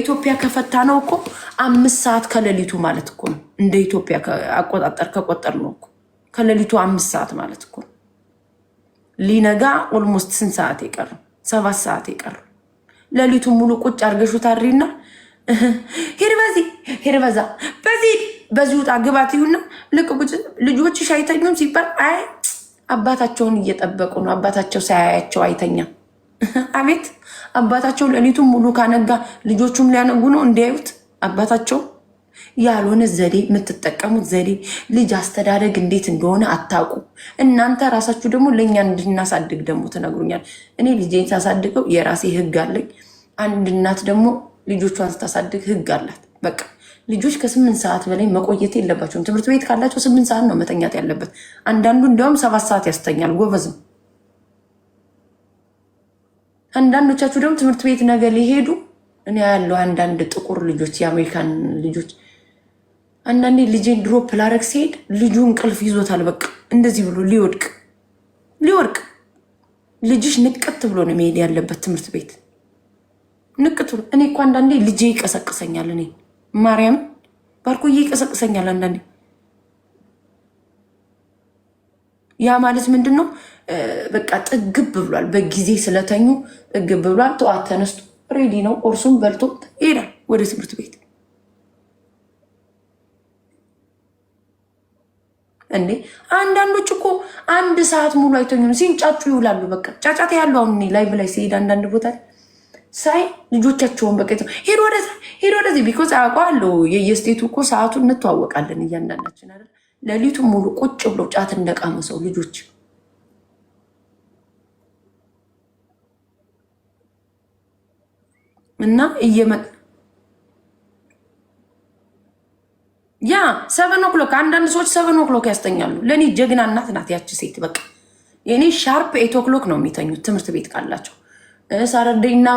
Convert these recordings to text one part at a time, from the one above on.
በኢትዮጵያ ከፈታ ነው እኮ አምስት ሰዓት ከሌሊቱ ማለት እኮ ነው። እንደ ኢትዮጵያ አቆጣጠር ከቆጠር ነው እኮ ከሌሊቱ አምስት ሰዓት ማለት እኮ ነው። ሊነጋ ኦልሞስት ስንት ሰዓት የቀረ? ሰባት ሰዓት የቀረ። ሌሊቱ ሙሉ ቁጭ አርገሹ ታሪና ሄድ በዚህ ሄድ በዛ በዚህ በዚህ ውጣ ግባት ይሁና ልቅ ቁጭ ልጆችሽ አይተኙም ሲባል አይ አባታቸውን እየጠበቁ ነው። አባታቸው ሳያያቸው አይተኛም። አቤት አባታቸው ሌሊቱን ሙሉ ካነጋ ልጆቹም ሊያነጉ ነው እንዲያዩት አባታቸው ያልሆነ ዘዴ የምትጠቀሙት ዘዴ ልጅ አስተዳደግ እንዴት እንደሆነ አታውቁ። እናንተ ራሳችሁ ደግሞ ለእኛ እንድናሳድግ ደግሞ ትነግሩኛል። እኔ ልጄን ሳሳድገው የራሴ ህግ አለኝ። አንድ እናት ደግሞ ልጆቿን ስታሳድግ ህግ አላት። በቃ ልጆች ከስምንት ሰዓት በላይ መቆየት የለባቸውም። ትምህርት ቤት ካላቸው ስምንት ሰዓት ነው መተኛት ያለበት። አንዳንዱ እንዲያውም ሰባት ሰዓት ያስተኛል። ጎበዝም አንዳንዶቻችሁ ደግሞ ትምህርት ቤት ነገ ሊሄዱ እኔ ያለው አንዳንድ ጥቁር ልጆች የአሜሪካን ልጆች አንዳንዴ ልጄን ድሮፕ ላደርግ ሲሄድ ልጁ እንቅልፍ ይዞታል። በቃ እንደዚህ ብሎ ሊወድቅ ሊወድቅ ልጅሽ ንቅት ብሎ ነው መሄድ ያለበት ትምህርት ቤት ንቅት ብሎ። እኔ እኮ አንዳንዴ ልጄ ይቀሰቅሰኛል። እኔ ማርያም ባርኮዬ ይቀሰቅሰኛል አንዳንዴ ያ ማለት ምንድን ነው? በቃ ጥግብ ብሏል። በጊዜ ስለተኙ ጥግብ ብሏል። ጠዋት ተነስቶ ሬዲ ነው። ቁርሱን በልቶ ይሄዳል ወደ ትምህርት ቤት። እንዴ አንዳንዶች እኮ አንድ ሰዓት ሙሉ አይተኙም፣ ሲንጫጩ ይውላሉ። በቃ ጫጫታ ያሉ አሁን ላይቭ ላይ ሲሄድ አንዳንድ ቦታ ሳይ ልጆቻቸውን በቃ ሄዶ ወደዚህ ቢኮዝ አውቀዋለሁ። የየስቴቱ እኮ ሰዓቱን እንተዋወቃለን እያንዳንዳችን አይደል ለሊቱ ሙሉ ቁጭ ብሎ ጫት እንደቃመ ሰው ልጆች እና እየመ ያ ሰቨን ኦክሎክ አንዳንድ ሰዎች ሰቨን ኦክሎክ ያስተኛሉ። ለእኔ ጀግና እናት ናት ያች ሴት። በቃ የእኔ ሻርፕ ኤት ኦክሎክ ነው የሚተኙት ትምህርት ቤት ካላቸው። ሳረደኝና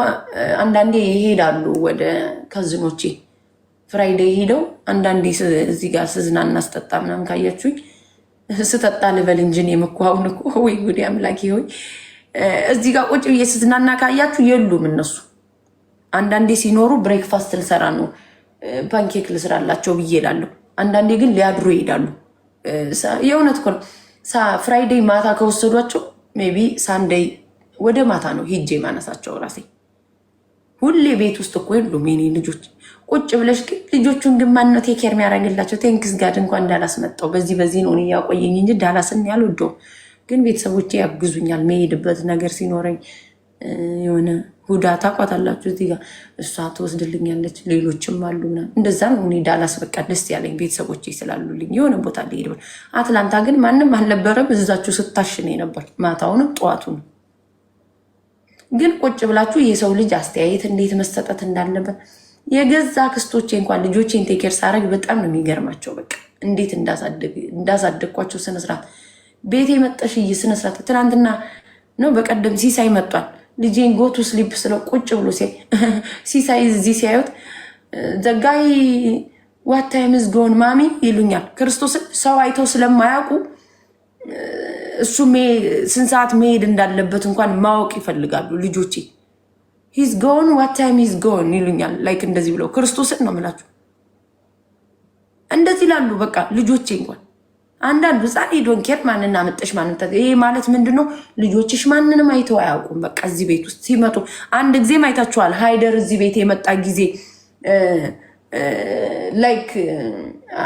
አንዳንዴ ይሄዳሉ ወደ ከዝኖቼ ፍራይዴ ሄደው አንዳንዴ እዚህ ጋር ስዝና እናስጠጣ ምናምን ካያችሁኝ ስጠጣ ልበል እንጂን የምኳውን እኮ ወይ ጉዲ አምላኪ ሆይ እዚህ ጋር ቁጭ ብዬ ስዝናና ካያችሁ የሉም እነሱ። አንዳንዴ ሲኖሩ ብሬክፋስት ልሰራ ነው ፓንኬክ ልስራላቸው ብዬ እላለሁ። አንዳንዴ ግን ሊያድሩ ይሄዳሉ። የእውነት እኮ ፍራይዴይ ማታ ከወሰዷቸው ሜይ ቢ ሳንደይ ወደ ማታ ነው ሂጄ ማነሳቸው ራሴ። ሁሌ ቤት ውስጥ እኮ የሉም የኔ ልጆች፣ ቁጭ ብለሽ ግን ልጆቹን ግን ማን ነው ቴኬር የሚያደርግላቸው? ቴንክስ ጋድ እንኳን ዳላስ መጣው። በዚህ በዚህ ነው እያቆየኝ እንጂ ዳላስን ያልወደውም። ግን ቤተሰቦቼ ያግዙኛል። መሄድበት ነገር ሲኖረኝ የሆነ ሁዳ ታቋታላችሁ። እዚህ ጋር እሷ ትወስድልኛለች፣ ሌሎችም አሉ ምናምን። እንደዛ ነው እኔ ዳላስ በቃ ደስ ያለኝ ቤተሰቦቼ ስላሉልኝ የሆነ ቦታ ሊሄድ። አትላንታ ግን ማንም አልነበረም። እዛችሁ ስታሽነ ነበር ማታውንም ጠዋቱን ግን ቁጭ ብላችሁ የሰው ልጅ አስተያየት እንዴት መሰጠት እንዳለበት የገዛ ክስቶቼ እንኳን ልጆቼን ቴኬር ሳረግ በጣም ነው የሚገርማቸው። በቃ እንዴት እንዳሳደግኳቸው ስነስርዓት ቤቴ መጠሽ ስነስርዓት። ትናንትና ነው በቀደም ሲሳይ መጧል። ልጄን ጎቱ ስሊፕ ስለው ቁጭ ብሎ ሲሳይ እዚህ ሲያዩት ዘጋይ ዋታይም ጎን ማሚ ይሉኛል። ክርስቶስ ሰው አይተው ስለማያውቁ እሱ ስንት ሰዓት መሄድ እንዳለበት እንኳን ማወቅ ይፈልጋሉ ልጆቼ። ሂዝ ጎን ዋት ታይም ሂዝ ጎን ይሉኛል። ላይክ እንደዚህ ብለው ክርስቶስን ነው የምላችሁ፣ እንደዚህ ይላሉ። በቃ ልጆቼ እንኳን አንዳንዱ ህፃን ዶን ኬር ማንን አመጠሽ ማንን። ይሄ ማለት ምንድን ነው? ልጆችሽ ማንንም አይተው አያውቁም። በቃ እዚህ ቤት ውስጥ ሲመጡ አንድ ጊዜም አይታችኋል። ሃይደር እዚህ ቤት የመጣ ጊዜ ላይክ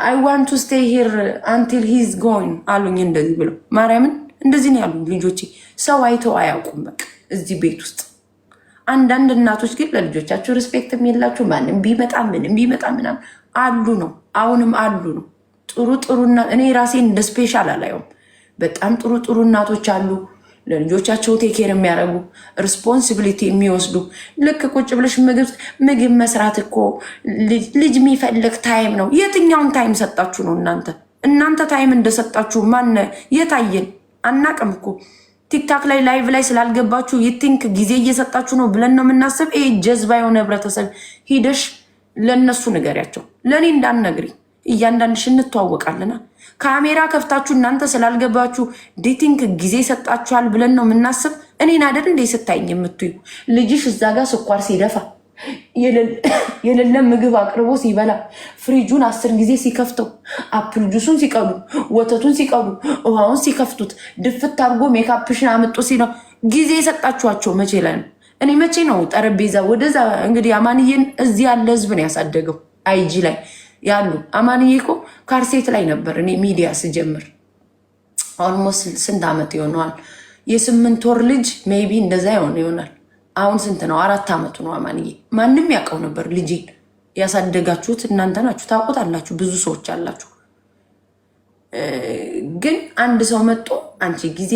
አይ ዋንት ቱ ስቴይ ሂር አንቲል ሂዝ ጎን አሉኝ። እንደዚህ ብለው ማርያምን እንደዚህ ነው ያሉ ልጆቼ። ሰው አይተው አያውቁም። በቃ እዚህ ቤት ውስጥ አንዳንድ እናቶች ግን ለልጆቻቸው ሪስፔክትም የላችሁ ማንም ቢመጣ ምንም ቢመጣ ምናም አሉ ነው፣ አሁንም አሉ ነው። ጥሩ ጥሩ እኔ ራሴን እንደ ስፔሻል አላየውም። በጣም ጥሩ ጥሩ እናቶች አሉ፣ ለልጆቻቸው ቴኬር የሚያደርጉ ሪስፖንሲቢሊቲ የሚወስዱ ልክ ቁጭ ብለሽ ምግብ ምግብ መስራት እኮ ልጅ የሚፈልግ ታይም ነው። የትኛውን ታይም ሰጣችሁ ነው እናንተ? እናንተ ታይም እንደሰጣችሁ ማን የታየን? አናቅም እኮ ቲክታክ ላይ ላይቭ ላይ ስላልገባችሁ ይቲንክ ጊዜ እየሰጣችሁ ነው ብለን ነው የምናስብ። ይሄ ጀዝባ የሆነ ህብረተሰብ ሂደሽ ለእነሱ ንገሪያቸው፣ ለእኔ እንዳንነግሪ። እያንዳንድሽ እንተዋወቃለና ካሜራ ከፍታችሁ እናንተ ስላልገባችሁ ዴቲንግ ጊዜ ይሰጣችኋል ብለን ነው የምናስብ። እኔን አደር እንደ ስታይኝ የምትዩ ልጅሽ እዛ ጋር ስኳር ሲደፋ የለለ ምግብ አቅርቦ ሲበላ ፍሪጁን አስር ጊዜ ሲከፍተው አፕል ጁሱን ሲቀዱ ወተቱን ሲቀዱ ውሃውን ሲከፍቱት ድፍት አድርጎ ሜካፕሽን አምጡ ሲለው ጊዜ የሰጣችኋቸው መቼ ላይ ነው? እኔ መቼ ነው ጠረጴዛ ወደዛ? እንግዲህ አማንዬን እዚህ ያለ ህዝብ ነው ያሳደገው። አይጂ ላይ ያሉ አማንዬ እኮ ካርሴት ላይ ነበር እኔ ሚዲያ ስጀምር ኦልሞስት ስንት ዓመት ይሆነዋል? የስምንት ወር ልጅ ሜይ ቢ እንደዛ ይሆን ይሆናል አሁን ስንት ነው? አራት ዓመቱ ነው አማንዬ። ማንም ያውቀው ነበር ልጄን። ያሳደጋችሁት እናንተ ናችሁ፣ ታውቁታላችሁ፣ ብዙ ሰዎች አላችሁ። ግን አንድ ሰው መጥቶ አንቺ ጊዜ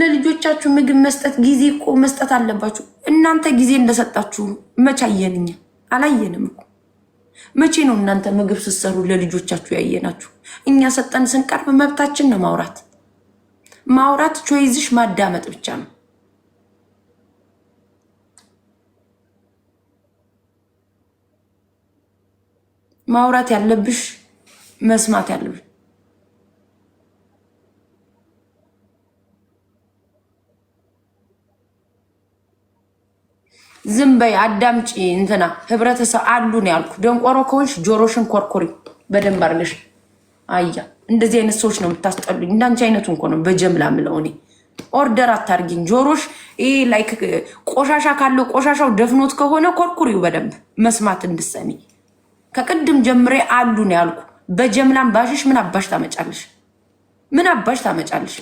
ለልጆቻችሁ ምግብ መስጠት ጊዜ እኮ መስጠት አለባችሁ። እናንተ ጊዜ እንደሰጣችሁ መቼ አየንኛ? አላየንም እኮ መቼ ነው እናንተ ምግብ ስትሰሩ ለልጆቻችሁ ያየናችሁ? እኛ ሰጠን ስንቀርብ መብታችን ነው ማውራት ማውራት ቾይዝሽ ማዳመጥ ብቻ ነው። ማውራት ያለብሽ መስማት ያለብሽ ዝም በይ አዳምጪ። እንትና ህብረተሰብ አሉ ነው ያልኩ። ደንቆሮ ከሆንሽ ጆሮሽን ኮርኮሪ በደንብ አድርገሽ። አያ እንደዚህ አይነት ሰዎች ነው የምታስጠሉኝ። እንዳንቺ አይነቱ እንኮ ነው በጀምላ ምለው እኔ። ኦርደር አታርጊኝ። ጆሮሽ ይሄ ላይክ ቆሻሻ ካለው ቆሻሻው ደፍኖት ከሆነ ኮርኩሪው በደንብ መስማት እንድሰሚ ከቅድም ጀምሬ አሉ ነው ያልኩ። በጀምላም ባሽሽ ምን አባሽ ታመጫለሽ? ምን አባሽ ታመጫለሽ?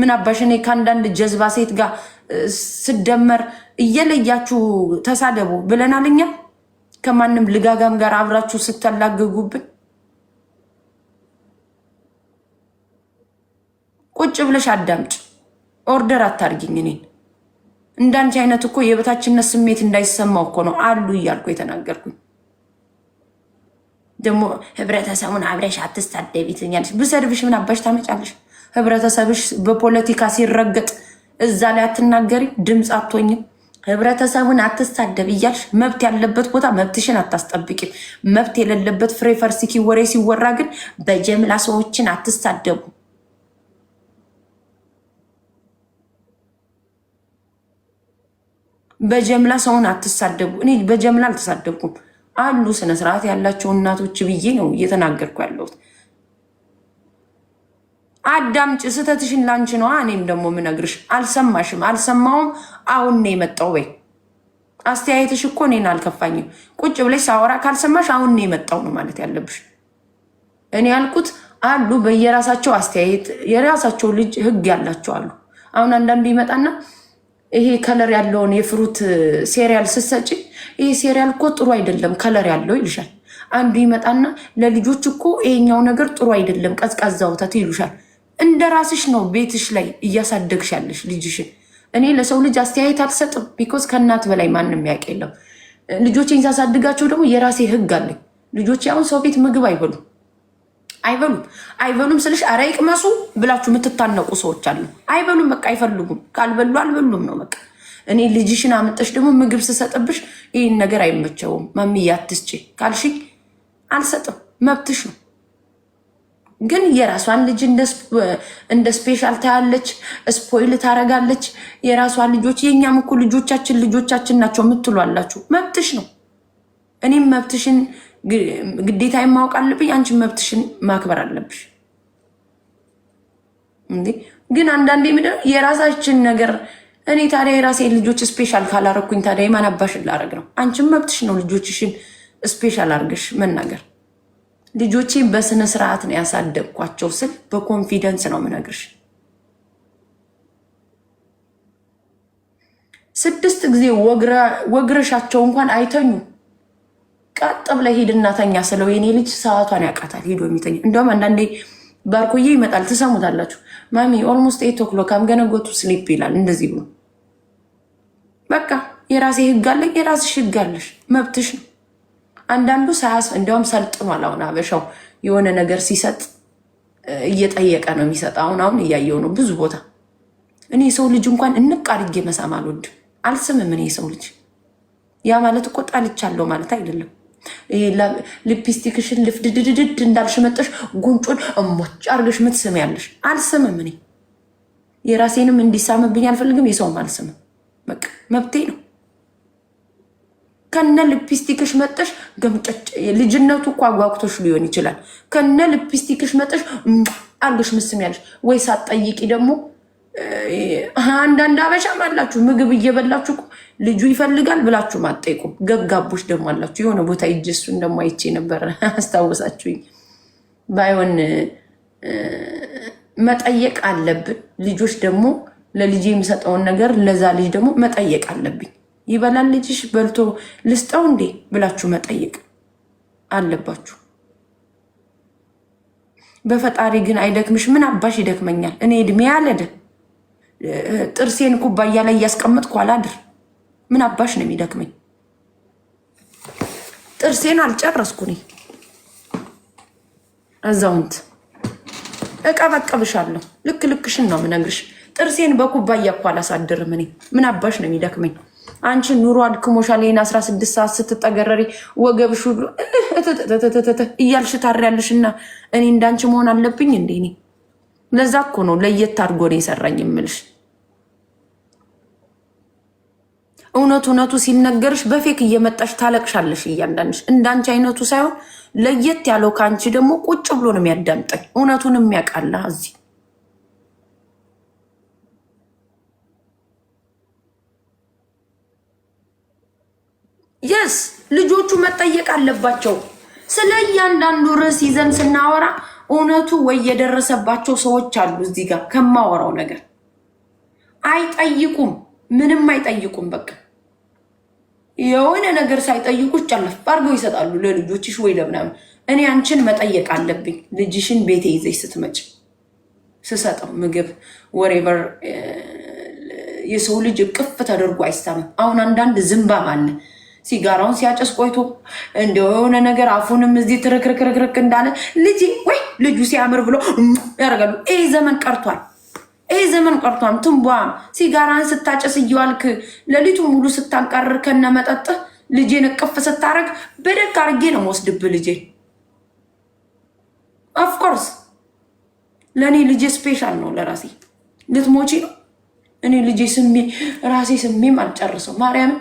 ምን አባሽ እኔ ከአንዳንድ ጀዝባ ሴት ጋር ስደመር እየለያችሁ ተሳደቡ ብለናል። እኛ ከማንም ልጋጋም ጋር አብራችሁ ስተላገጉብን ቁጭ ብለሽ አዳምጭ። ኦርደር አታርጊኝ እኔን። እንዳንቺ አይነት እኮ የበታችነት ስሜት እንዳይሰማው እኮ ነው አሉ እያልኩ የተናገርኩኝ። ደግሞ ህብረተሰቡን አብረሽ አትስታደቢ ትኛለሽ። ብሰድብሽ ምን አባሽ ታመጫለሽ? ህብረተሰብሽ በፖለቲካ ሲረገጥ እዛ ላይ አትናገሪ፣ ድምፅ አትሆኝም። ህብረተሰቡን አትስታደብ እያልሽ መብት ያለበት ቦታ መብትሽን አታስጠብቂም። መብት የሌለበት ፍሬ ፈርስኪ ወሬ ሲወራ ግን በጀምላ ሰዎችን አትስታደቡ። በጀምላ ሰውን አትሳደቡ። እኔ በጀምላ አልተሳደብኩም። አሉ ስነስርዓት ያላቸው እናቶች ብዬ ነው እየተናገርኩ ያለሁት። አዳምጭ ስህተትሽን ላንቺ ነዋ። እኔም ደግሞ ምነግርሽ አልሰማሽም፣ አልሰማውም። አሁን ነው የመጣው ወይ አስተያየትሽ እኮ እኔን አልከፋኝም። ቁጭ ብለሽ ሳወራ ካልሰማሽ አሁን ነው የመጣው ነው ማለት ያለብሽ። እኔ ያልኩት አሉ በየራሳቸው አስተያየት የራሳቸው ልጅ ህግ ያላቸው አሉ። አሁን አንዳንዱ ይመጣና ይሄ ከለር ያለውን የፍሩት ሴሪያል ስትሰጪ ይሄ ሴሪያል እኮ ጥሩ አይደለም ከለር ያለው ይልሻል። አንዱ ይመጣና ለልጆች እኮ ይሄኛው ነገር ጥሩ አይደለም ቀዝቃዛ ወተት ይሉሻል። እንደ ራስሽ ነው ቤትሽ ላይ እያሳደግሽ ያለሽ ልጅሽን። እኔ ለሰው ልጅ አስተያየት አልሰጥም፣ ቢኮዝ ከእናት በላይ ማንም ያውቅ የለም። ልጆቼን ሳሳድጋቸው ደግሞ የራሴ ህግ አለኝ። ልጆቼ አሁን ሰው ቤት ምግብ አይበሉም። አይበሉም። አይበሉም ስልሽ አረ ይቅመሱ ብላችሁ የምትታነቁ ሰዎች አሉ። አይበሉም፣ በቃ አይፈልጉም። ካልበሉ አልበሉም ነው በቃ። እኔ ልጅሽን አምጠሽ ደግሞ ምግብ ስሰጥብሽ ይህን ነገር አይመቸውም መምዬ አትስጪ ካልሽ አልሰጥም፣ መብትሽ ነው። ግን የራሷን ልጅ እንደ ስፔሻል ታያለች፣ ስፖይል ታረጋለች። የራሷን ልጆች የእኛም እኮ ልጆቻችን ልጆቻችን ናቸው የምትሏላችሁ፣ መብትሽ ነው። እኔም መብትሽን ግዴታ ማወቅ አለብኝ። አንቺ መብትሽን ማክበር አለብሽ። እንዴ ግን አንዳንዴ ምንድን የራሳችን ነገር እኔ ታዲያ የራሴ ልጆች ስፔሻል ካላረግኩኝ ታዲያ የማን አባሽን ላረግ ነው? አንቺም መብትሽ ነው ልጆችሽን ስፔሻል አርገሽ መናገር። ልጆቼ በስነ ስርዓት ነው ያሳደግኳቸው ስል በኮንፊደንስ ነው ምነግርሽ። ስድስት ጊዜ ወግረሻቸው እንኳን አይተኙ ቀጥ ብለህ ሂድና ተኛ ስለው የኔ ልጅ ሰዓቷን ያውቃታል ሄዶ የሚተኛ እንደውም አንዳንዴ ባርኮዬ ይመጣል ትሰሙታላችሁ። ማሚ ኦልሞስት ኤት ኦክሎክ አምገነጎቱ ስሊፕ ይላል። እንደዚህ ብሎ በቃ የራሴ ህግ አለኝ፣ የራስሽ ህግ አለሽ፣ መብትሽ ነው። አንዳንዱ ሳያስ እንዲያውም ሰልጥኗል። አሁን አበሻው የሆነ ነገር ሲሰጥ እየጠየቀ ነው የሚሰጥ። አሁን አሁን እያየው ነው ብዙ ቦታ። እኔ የሰው ልጅ እንኳን እንቅ አድጌ መሳም አልወድም፣ አልስምም። እኔ የሰው ልጅ ያ ማለት እኮ ጣልቻለሁ ማለት አይደለም። ሊፕስቲክሽን ልፍድድድድ እንዳልሽ መጠሽ ጉንጩን እሞች አርገሽ ያለሽ አልስምም። እኔ የራሴንም እንዲሳምብኝ አልፈልግም፣ የሰውም አልስምም። በቃ መብቴ ነው። ከነ ልፕስቲክሽ መጠሽ ገምጨጭ። ልጅነቱ እኮ አጓጉቶሽ ሊሆን ይችላል። ከነ ልፕስቲክሽ መጠሽ አርገሽ ያለሽ ወይ ሳትጠይቂ ደግሞ አንዳንድ አበሻም አላችሁ ምግብ እየበላችሁ ልጁ ይፈልጋል ብላችሁ አትጠይቁም። ገጋቦች ደግሞ አላችሁ። የሆነ ቦታ ሂጅ እሱን ደግሞ አይቼ ነበር አስታወሳችሁኝ። ባይሆን መጠየቅ አለብን። ልጆች ደግሞ ለልጅ የሚሰጠውን ነገር ለዛ ልጅ ደግሞ መጠየቅ አለብኝ። ይበላል ልጅሽ በልቶ ልስጠው እንዴ ብላችሁ መጠየቅ አለባችሁ። በፈጣሪ ግን አይደክምሽ። ምን አባሽ ይደክመኛል እኔ እድሜ ያለደ ጥርሴን ኩባያ ላይ እያስቀመጥኩ አላድር። ምን አባሽ ነው የሚደክመኝ? ጥርሴን አልጨረስኩ እኔ አዛውንት እቀበቀብሻለሁ። ልክ ልክሽን ነው የምነግርሽ። ጥርሴን በኩባያ እኮ አላሳድርም እኔ። ምን አባሽ ነው የሚደክመኝ? አንቺ ኑሮ አድክሞሻል። ይህን 16 ሰዓት ስትጠገረሪ ወገብሽ ሁሉ እያልሽ ታሪያለሽ። እና እኔ እንዳንቺ መሆን አለብኝ እንዴ? እኔ ለዛ እኮ ነው ለየት አድርጎ ነው የሰራኝ የምልሽ። እውነት እውነቱ ሲነገርሽ በፌክ እየመጣሽ ታለቅሻለሽ። እያንዳንሽ እንዳንቺ አይነቱ ሳይሆን ለየት ያለው ከአንቺ ደግሞ ቁጭ ብሎ ነው የሚያዳምጠኝ፣ እውነቱን የሚያውቃለ እዚህ የስ ልጆቹ መጠየቅ አለባቸው። ስለ እያንዳንዱ ርዕስ ይዘን ስናወራ እውነቱ ወይ የደረሰባቸው ሰዎች አሉ። እዚህ ጋር ከማወራው ነገር አይጠይቁም፣ ምንም አይጠይቁም በቃ የሆነ ነገር ሳይጠይቁ ጨለፍ አድርገው ይሰጣሉ ለልጆችሽ ወይ ለምናምን። እኔ አንቺን መጠየቅ አለብኝ ልጅሽን ቤቴ ይዘሽ ስትመጭ ስሰጠው ምግብ ወሬቨር የሰው ልጅ እቅፍ ተደርጎ አይስታምም። አሁን አንዳንድ ዝምባም አለ ሲጋራውን ሲያጨስ ቆይቶ እንደ የሆነ ነገር አፉንም እዚህ ትርክርክርክርክ እንዳለ ልጅ ወይ ልጁ ሲያምር ብሎ ያደርጋሉ። ይህ ዘመን ቀርቷል። ይሄ ዘመን ቀርቷም ትንቧም ሲጋራን ስታጨስ እየዋልክ ሌሊቱ ሙሉ ስታንቃርር ከነመጠጥህ ልጄን እቅፍ ስታረግ በደግ አርጌ ነው መወስድብ ልጄ። ኦፍኮርስ ለእኔ ልጄ ስፔሻል ነው። ለራሴ ልትሞቺ ነው። እኔ ልጄ ስሜ ራሴ ስሜም አልጨርሰው ማርያም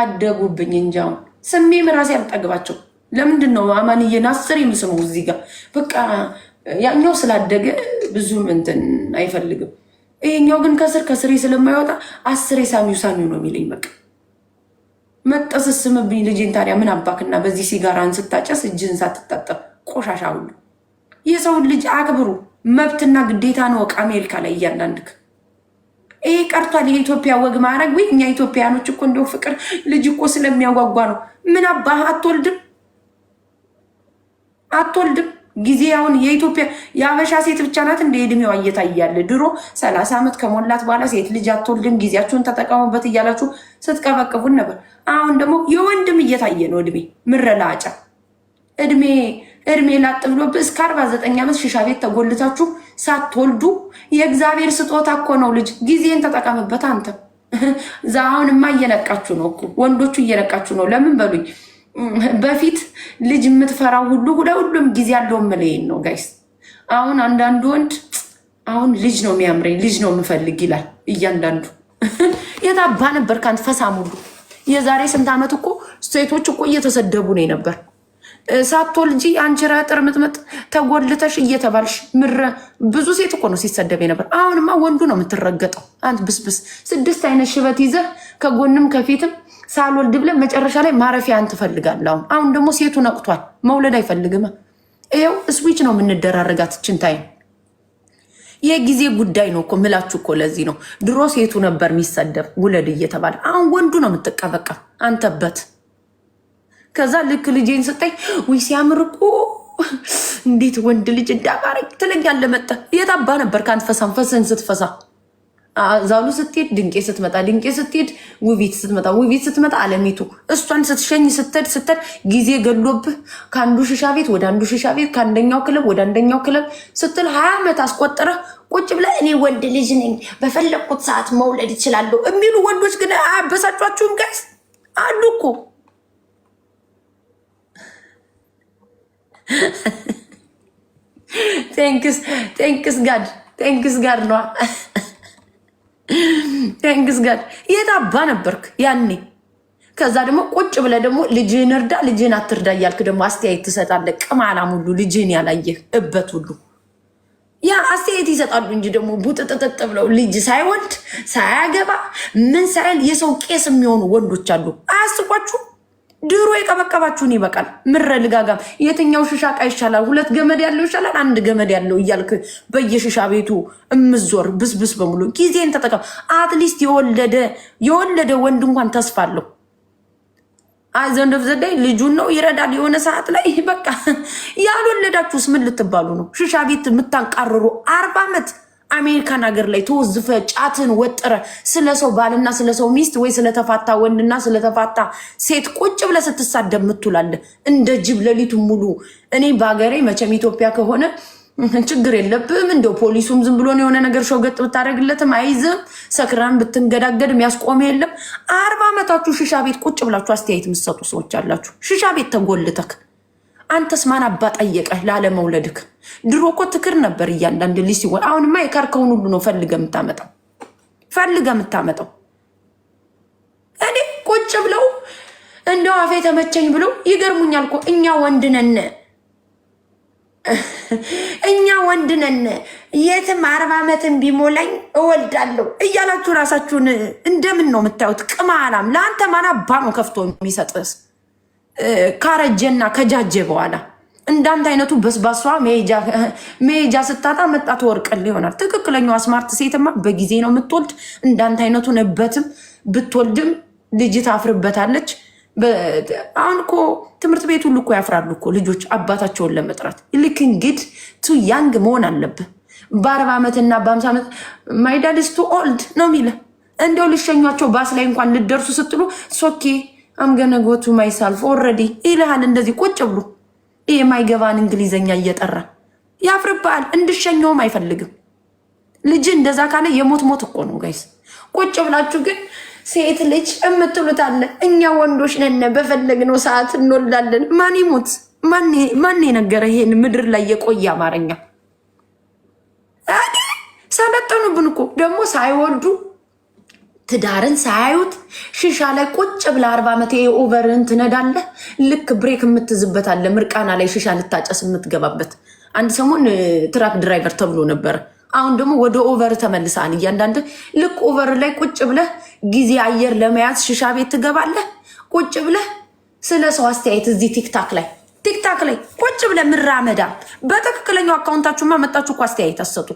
አደጉብኝ እንጃውን ስሜም ራሴ አልጠግባቸው። ለምንድን ነው አማንዬን አስር የምስመው እዚህ ጋር በቃ ያኛው ስላደገ ብዙም እንትን አይፈልግም። ይሄኛው ግን ከስር ከስሬ ስለማይወጣ አስሬ ሳሚው ሳሚው ነው የሚለኝ። በቃ መጠስስምብኝ ልጅን። ታዲያ ምን አባክና በዚህ ሲጋራን ስታጨስ እጅን ሳትታጠብ ቆሻሻ ሁሉ። የሰውን ልጅ አክብሩ፣ መብትና ግዴታ ነው። አሜሪካ ላይ እያንዳንድክ ይህ ቀርቷል። የኢትዮጵያ ወግ ማድረግ ወይ እኛ ኢትዮጵያውያኖች እኮ እንደው ፍቅር ልጅ እኮ ስለሚያጓጓ ነው። ምን አባህ አትወልድም፣ አትወልድም ጊዜ አሁን የኢትዮጵያ የአበሻ ሴት ብቻ ናት እንደ እድሜዋ እየታያለ። ድሮ ሰላሳ ዓመት ከሞላት በኋላ ሴት ልጅ አትወልድም፣ ጊዜያችሁን ተጠቀሙበት እያላችሁ ስትቀበቅቡን ነበር። አሁን ደግሞ የወንድም እየታየ ነው እድሜ ምረላጫ እድሜ እድሜ ላጥ ብሎ እስከ አርባ ዘጠኝ ዓመት ሽሻ ቤት ተጎልታችሁ ሳትወልዱ የእግዚአብሔር ስጦታ እኮ ነው። ልጅ ጊዜን ተጠቀምበት። አንተ አሁንማ እየነቃችሁ ነው እኮ ወንዶቹ እየነቃችሁ ነው። ለምን በሉኝ በፊት ልጅ የምትፈራው ሁሉ ለሁሉም ጊዜ ያለው ምለይን ነው ጋይስ። አሁን አንዳንዱ ወንድ አሁን ልጅ ነው የሚያምረኝ ልጅ ነው የምፈልግ ይላል። እያንዳንዱ የታባ ነበር ከአንተ ፈሳም ሁሉ የዛሬ ስንት ዓመት እኮ ሴቶች እኮ እየተሰደቡ ነው ነበር። ሳትወልጂ አንጀራ ጥርምጥምጥ ተጎልተሽ እየተባልሽ ምረ ብዙ ሴት እኮ ነው ሲሰደብ ነበር። አሁንማ ወንዱ ነው የምትረገጠው። አንድ ብስብስ ስድስት አይነት ሽበት ይዘህ ከጎንም ከፊትም ሳልወልድ ብለን መጨረሻ ላይ ማረፊያ አንተ ፈልጋለህ። አሁን አሁን ደግሞ ሴቱ ነቅቷል፣ መውለድ አይፈልግም። ይኸው ስዊች ነው የምንደራረጋት ችንታይ የጊዜ ጉዳይ ነው እኮ ምላችሁ እኮ ለዚህ ነው ድሮ ሴቱ ነበር የሚሰደብ ውለድ እየተባለ አሁን ወንዱ ነው የምትቀበቀ አንተበት ከዛ ልክ ልጄን ስጠኝ ውይ ሲያምር እኮ እንዴት ወንድ ልጅ እንዳማረኝ ትለኛለህ። መጣ የታባ ነበር ከአንተ ፈሳም ፈስን ስትፈሳ ዛሉ ስትሄድ ድንቄ ስትመጣ ድንቄ ስትሄድ ውቢት ስትመጣ ውቢት ስትመጣ አለሚቱ እሷን ስትሸኝ ስትሄድ ስትሄድ ጊዜ ገሎብህ ከአንዱ ሽሻ ቤት ወደ አንዱ ሽሻ ቤት ከአንደኛው ክለብ ወደ አንደኛው ክለብ ስትል ሀያ ዓመት አስቆጥረህ ቁጭ ብለህ እኔ ወንድ ልጅ ነኝ በፈለግኩት ሰዓት መውለድ ይችላለሁ የሚሉ ወንዶች ግን አያበሳጫችሁም? ጋይስ አሉ እኮ ቴንክስ ቴንክስ ጋድ ቴንክስ ጋድ ነዋ። ቴንክስ ጋድ የታባ ነበርክ ያኔ። ከዛ ደግሞ ቁጭ ብለ ደግሞ ልጅህን እርዳ ልጅህን አትርዳ እያልክ ደግሞ አስተያየት ትሰጣለ። ቅማላም ሁሉ ልጅህን ያላየህ እበት ሁሉ ያ አስተያየት ይሰጣሉ እንጂ ደግሞ ቡጥጥጥጥ ብለው ልጅ ሳይወልድ ሳያገባ ምን ሳይል የሰው ቄስ የሚሆኑ ወንዶች አሉ። አያስቋችሁ? ድሮ የቀበቀባችሁን ይበቃል። ምረ ልጋጋም የትኛው ሽሻ ቃ ይሻላል? ሁለት ገመድ ያለው ይሻላል አንድ ገመድ ያለው እያልክ በየሽሻ ቤቱ እምዞር ብስብስ በሙሉ ጊዜን ተጠቀም። አትሊስት የወለደ የወለደ ወንድ እንኳን ተስፋ አለው። ዘንድ ዘ ልጁን ነው ይረዳል። የሆነ ሰዓት ላይ በቃ ያልወለዳችሁስ ምን ልትባሉ ነው? ሽሻ ቤት የምታንቃርሩ አርባ ዓመት አሜሪካን ሀገር ላይ ተወዝፈ ጫትን ወጥረ ስለ ሰው ባልና ስለ ሰው ሚስት ወይ ስለተፋታ ወንድና ስለተፋታ ሴት ቁጭ ብለ ስትሳደብ ምትውላለ እንደ ጅብ ሌሊቱ ሙሉ። እኔ በሀገሬ መቼም ኢትዮጵያ ከሆነ ችግር የለብም። እንደው ፖሊሱም ዝም ብሎን የሆነ ነገር ሸውገጥ ብታደረግለትም አይዝም። ሰክራን ብትንገዳገድም ያስቆመ የለም። አርባ ዓመታችሁ ሽሻ ቤት ቁጭ ብላችሁ አስተያየት የምትሰጡ ሰዎች አላችሁ። ሽሻ ቤት ተጎልተክ አንተስ ማን አባ ጠየቀ ላለመውለድክ? ድሮ እኮ ትክር ነበር እያንዳንድ ልጅ ሲሆን፣ አሁንማ የካርከውን ሁሉ ነው ፈልገ የምታመጣው ፈልገ የምታመጣው። እኔ ቁጭ ብለው እንደው አፌ ተመቸኝ ብለው ይገርሙኛል እኮ እኛ ወንድ ነን እኛ ወንድ ነን። የትም አርባ ዓመትን ቢሞላኝ እወልዳለሁ እያላችሁ ራሳችሁን እንደምን ነው የምታዩት? ቅማላም ለአንተ ማን አባ ነው ከፍቶ የሚሰጥስ? ካረጀና ከጃጀ በኋላ እንዳንተ አይነቱ በስባሷ መሄጃ ስታጣ መጣት ትወርቅል ይሆናል። ትክክለኛዋ ስማርት ሴትማ በጊዜ ነው የምትወልድ። እንዳንተ አይነቱ ነበትም ብትወልድም ልጅ ታፍርበታለች። አሁን እኮ ትምህርት ቤት ሁሉ እኮ ያፍራሉ እኮ ልጆች አባታቸውን ለመጥራት። ልክ እንግድ ቱ ያንግ መሆን አለብህ። በአርባ ዓመትና በአምሳ ዓመት ማይዳድስ ቱ ኦልድ ነው የሚለ እንደው ልሸኟቸው ባስ ላይ እንኳን ልደርሱ ስትሉ ሶኬ አምገነጎቱ ማይሳልፍ ኦልሬዲ ይልሃል። እንደዚህ ቁጭ ብሎ ይህ የማይገባን እንግሊዘኛ እየጠራ ያፍርብሃል። እንድሸኘውም አይፈልግም ልጅ። እንደዛ ካለ የሞት ሞት እኮ ነው ጋይስ። ቁጭ ብላችሁ ግን ሴት ልጅ የምትሉት አለ። እኛ ወንዶች ነን፣ በፈለግነው ሰዓት እንወልዳለን። ማን ይሞት ማን የነገረ ይሄን ምድር ላይ የቆየ አማርኛ ሰለጠኑብን እኮ ደግሞ ሳይወልዱ ትዳርን ሳያዩት ሺሻ ላይ ቁጭ ብለ አርባ ዓመት ኦቨርን ትነዳለህ። ልክ ብሬክ የምትዝበት አለ ምርቃና ላይ ሺሻ ልታጨስ የምትገባበት አንድ ሰሞን ትራክ ድራይቨር ተብሎ ነበረ። አሁን ደግሞ ወደ ኦቨር ተመልሰን እያንዳንድ ልክ ኦቨር ላይ ቁጭ ብለ ጊዜ አየር ለመያዝ ሺሻ ቤት ትገባለ ቁጭ ብለ ስለ ሰው አስተያየት እዚህ ቲክታክ ላይ ቲክታክ ላይ ቁጭ ብለ ምራመዳ በትክክለኛው አካውንታችሁማ መጣችሁ እኮ አስተያየት አሰጡ።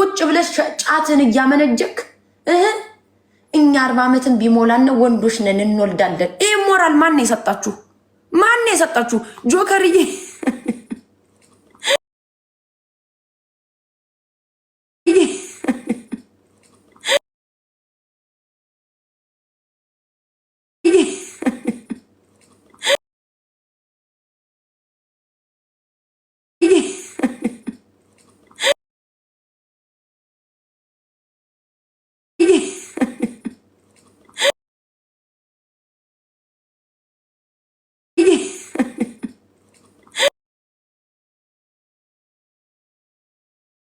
ቁጭ ብለ ጫትን እያመነጀክ እኛ አርባ ዓመትን ቢሞላን ወንዶች ነን እንወልዳለን። ይህ ሞራል ማን የሰጣችሁ? ማን የሰጣችሁ ጆከርዬ?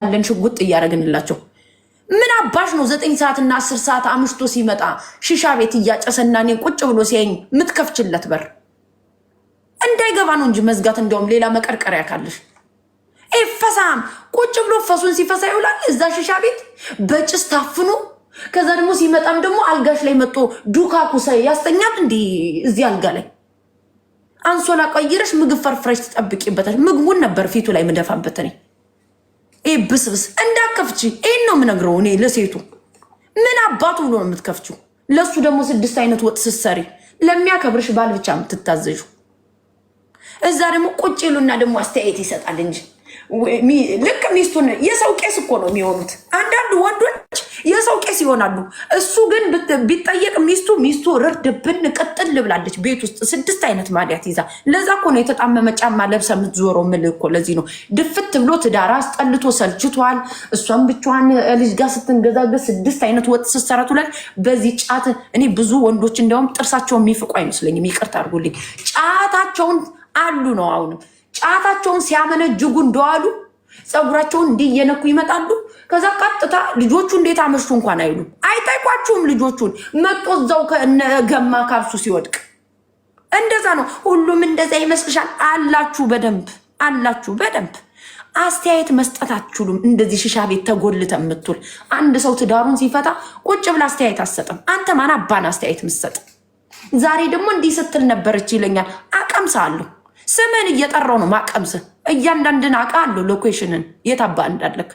ያለን ሽጉጥ እያደረግንላቸው ምን አባሽ ነው ዘጠኝ ሰዓትና አስር ሰዓት አምሽቶ ሲመጣ ሽሻ ቤት እያጨሰና እኔን ቁጭ ብሎ ሲያኝ ምትከፍችለት በር እንዳይገባ ነው እንጂ መዝጋት። እንዲሁም ሌላ መቀርቀሪያ ካለሽ ፈሳም ቁጭ ብሎ ፈሱን ሲፈሳ ይውላል እዛ ሽሻ ቤት በጭስ ታፍኖ። ከዛ ደግሞ ሲመጣም ደግሞ አልጋሽ ላይ መጦ ዱካ ኩሰ ያስተኛል። እንዲህ እዚህ አልጋ ላይ አንሶላ ቀይረሽ ምግብ ፈርፍረሽ ትጠብቂበታል። ምግቡን ነበር ፊቱ ላይ ምደፋበት እኔ ይሄ ብስብስ እንዳከፍቺ ይሄን ነው የምነግረው እኔ ለሴቱ። ምን አባቱ ብሎ ነው የምትከፍቺው? ለሱ ደግሞ ስድስት አይነት ወጥ ስትሰሪ ለሚያከብርሽ ባል ብቻ የምትታዘዡ። እዛ ደግሞ ቁጭ ይሉና ደግሞ አስተያየት ይሰጣል እንጂ ልክ ሚስቱን የሰው ቄስ እኮ ነው የሚሆኑት አንዳንድ ወንዶች የሰው ቄስ ይሆናሉ። እሱ ግን ቢጠየቅ ሚስቱ ሚስቱ ርርድ ብን ቅጥል ብላለች። ቤት ውስጥ ስድስት አይነት ማዲያት ይዛ ለዛ እኮ ነው የተጣመመ ጫማ ለብሰ የምትዞረው ምል እኮ ለዚህ ነው ድፍት ብሎ ትዳር አስጠልቶ ሰልችቷል። እሷም ብቻዋን ልጅ ጋር ስትንገዛገዝ ስድስት አይነት ወጥ ስትሰራ ላይ በዚህ ጫት እኔ ብዙ ወንዶች እንዲያውም ጥርሳቸውን የሚፍቁ አይመስለኝም። ይቅርታ አድርጉልኝ። ጫታቸውን አሉ ነው አሁንም ጫታቸውን ሲያመነጅጉ እንደዋሉ ፀጉራቸውን እንዲየነኩ ይመጣሉ። ከዛ ቀጥታ ልጆቹ እንዴት አመሹ እንኳን አይሉም፣ አይጠይቋችሁም። ልጆቹን መጦ እዛው ገማ ካብሱ ሲወድቅ እንደዛ ነው። ሁሉም እንደዛ ይመስልሻል? አላችሁ በደንብ አላችሁ በደንብ አስተያየት መስጠት አትችሉም። እንደዚህ ሽሻ ቤት ተጎልተ የምትውል አንድ ሰው ትዳሩን ሲፈታ ቁጭ ብላ አስተያየት አትሰጥም። አንተ ማን አባን አስተያየት ምሰጥ? ዛሬ ደግሞ እንዲህ ስትል ነበረች ይለኛል። አቀምሳለሁ። ስምን እየጠራው ነው ማቀምስ። እያንዳንድን አውቃለሁ ሎኬሽንን የት አባ እንዳለክ